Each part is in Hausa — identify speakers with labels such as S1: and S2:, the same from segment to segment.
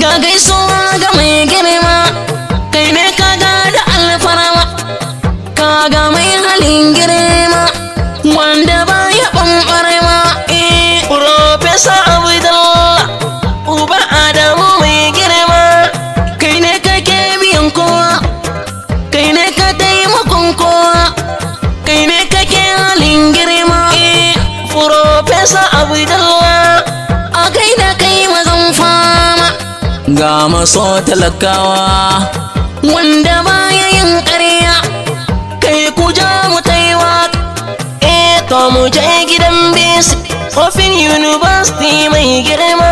S1: ga gaiso ga maso talakawa wanda baya yin ƙarya kai ku ja mu taiwa eh to mu je gidan bisi ofin university mai girma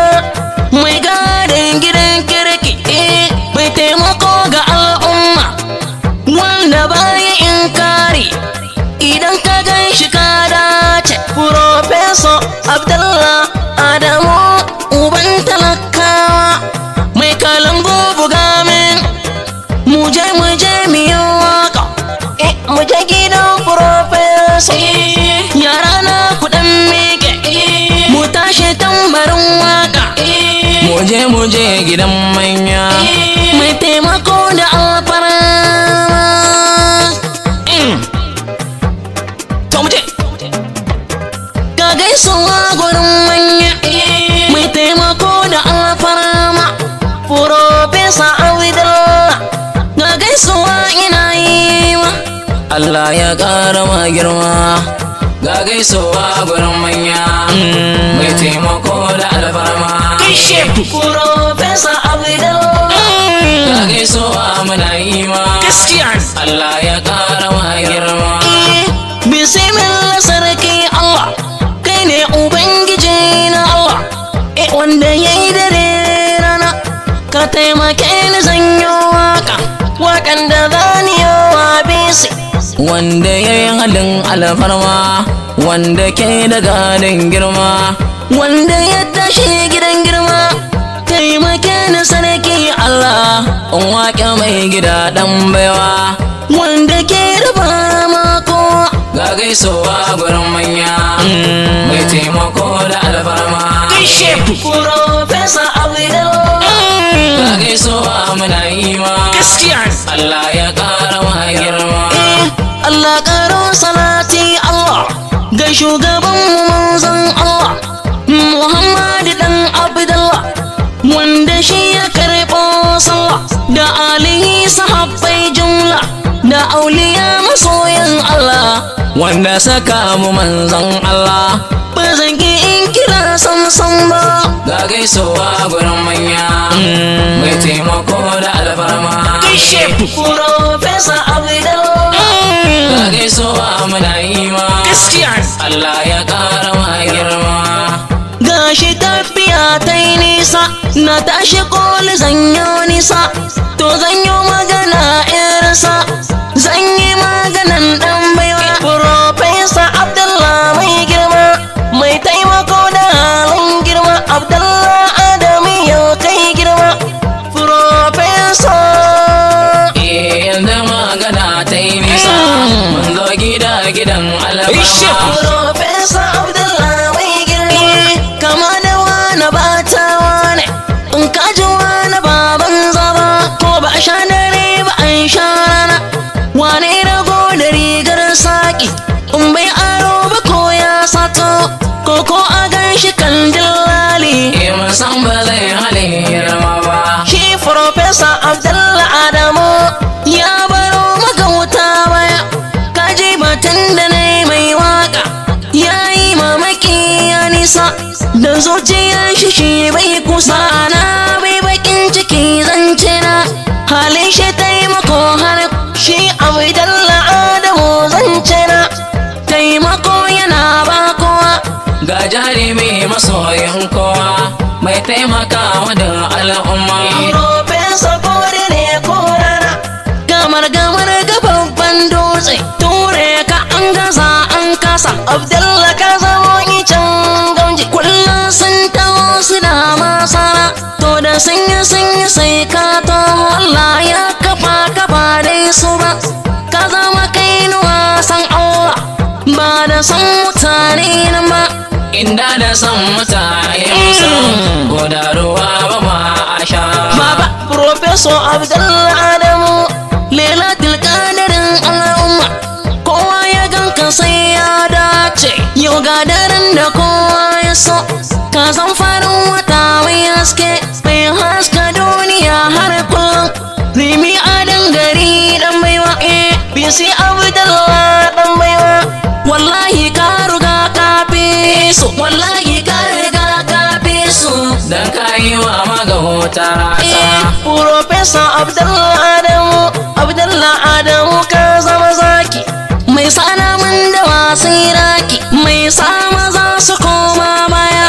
S1: je mu je gidan manya mai taimako da alfara mm. to mu je ka gaisuwa gurin manya mai taimako da alfara ma profesa abdullah ga gaisuwa ina yi ma Allah ya ƙara ma girma ga gaisowa gurin mm. mai taimako da alfarma kuro fesa abidal mm. ga gaisowa muna yi ma Allah ya kara ma girma eh. bismillah sarki Allah kai ne ubangiji na Allah e wanda yayi dare rana ka taimake zanyo waka wakan da zaniyo wa gadin alfarma wanda ke da gadin girma wanda ya tashi gidan girma taimake ni sarki Allah in wake mai gida ɗan baiwa wanda ke rufa gaisowa gaisuwa gurin manya mm. mai taimako da alfarma gaishe ku kuro fesa abdul mm. ga gaisuwa muna yi ma eh, Allah ya ƙara wa girma Allah ƙaro salati Allah Da shugaban mu manzon Allah Muhammadu dan Abdullah wanda shi ya karɓo sallah da alihi sahabbai jumla na auliya masoyin Allah wanda saka mu manzan Allah ba zan ki in kira samsan ba ga a gurin manya mm. mai taimako da alfarma kishe profesa abdul ga mm. gaisuwa muna yi gaskiya Allah ya kara ma girma gashi tafiya ta yi nisa na tashi koli zanyo nisa to zanyo magana irinsa abdalla adamu yau kai girma profeso inda eh, magana ta yi nisa mun zo gida gidan hakan ba zai hana girma ba shi profesa abdalla adamu ya baro maka wuta baya kaji batun da na mai waƙa ya yi mamaki ya nisa da zuciyar shi shi bai kusa jarumi masoyin kowa mai taimakawa da al'umma profesa kore ne korana gamar gamar ga babban dutse ture ka an gaza an kasa abdalla ka zama yi can gamji kullum sun su da masana to da sun yi sun yi sai ka inda da san mutane musan ko da ruwa ba ma a sha baba professor abdullahi adamu lela tilkanarin al'umma kowa ya ganka sai ya dace yau ga daren da kowa ya so ka san farin wata mai haske mai haska duniya har kullum rimi adan gari dan baiwa eh bisi abdullah dan baiwa wallahi ka. su wallahi ka riga ka fi su da ka yi wa magahota ratsa eh, Profesa Abdullah Adamu Abdullah Adamu ka zama zaki mai sana mun da wasu iraki mai sama za su koma baya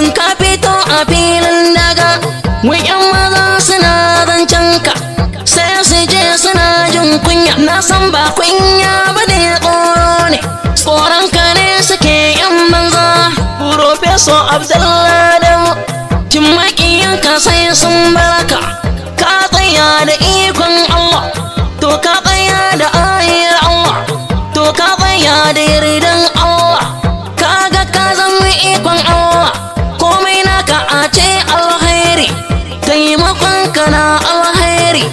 S1: in ka fito a filin daga wayan maza suna zancen sai su je suna jin kunya na san so abdulladin kin makiyanka sai sun baraka ka tsaya da ikon Allah to ka tsaya da ayar Allah to ka tsaya da yardan Allah kaga ka zama ikon Allah komai naka a ce alheri taimakon ka na alheri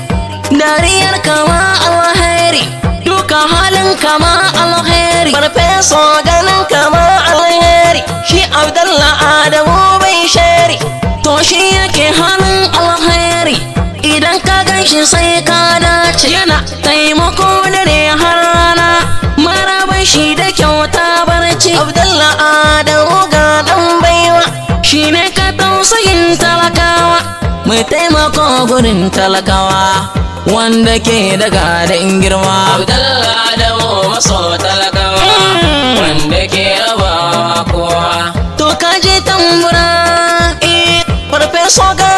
S1: dariyar ma alheri duka halin kama alheri farfesa shi sai ka dace yana taimako dare har rana maraban shi da kyauta barci abdalla adamu ga dan baiwa shine ne ka tausayin talakawa mai taimako gurin talakawa wanda ke daga da girma abdalla adamu maso talakawa hmm. wanda ke rabawa kowa to kaje tambura eh farfesa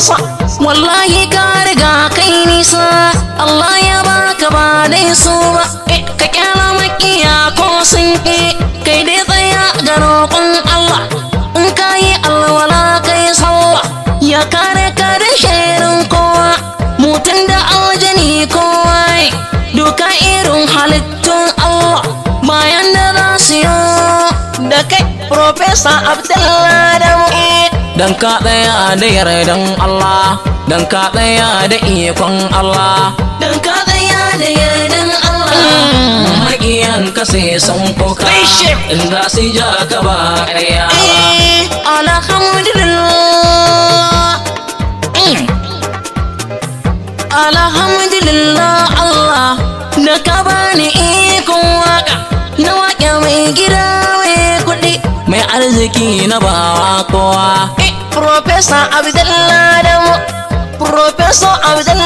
S1: kasa wallahi ka riga kai nisa Allah ya baka ba dai so ba eh, ka kyala makiya ko sun ke kai dai tsaya ga roƙon Allah in ka yi alwala kai sallah ya kare ka da shirin kowa mutum da aljani kowa doka irin halitta sa abdullahi dan ka daya da yardan Allah dan ka tsaya da ikon Allah dan ka tsaya da yardan Allah mm. magiyan ka sai san koka in za ja ka ba ƙarya ba eh, alhamdulillah arziki na bawa kowa. Eh, Profesa Abdullahi Adamu, Profesa Abdullahi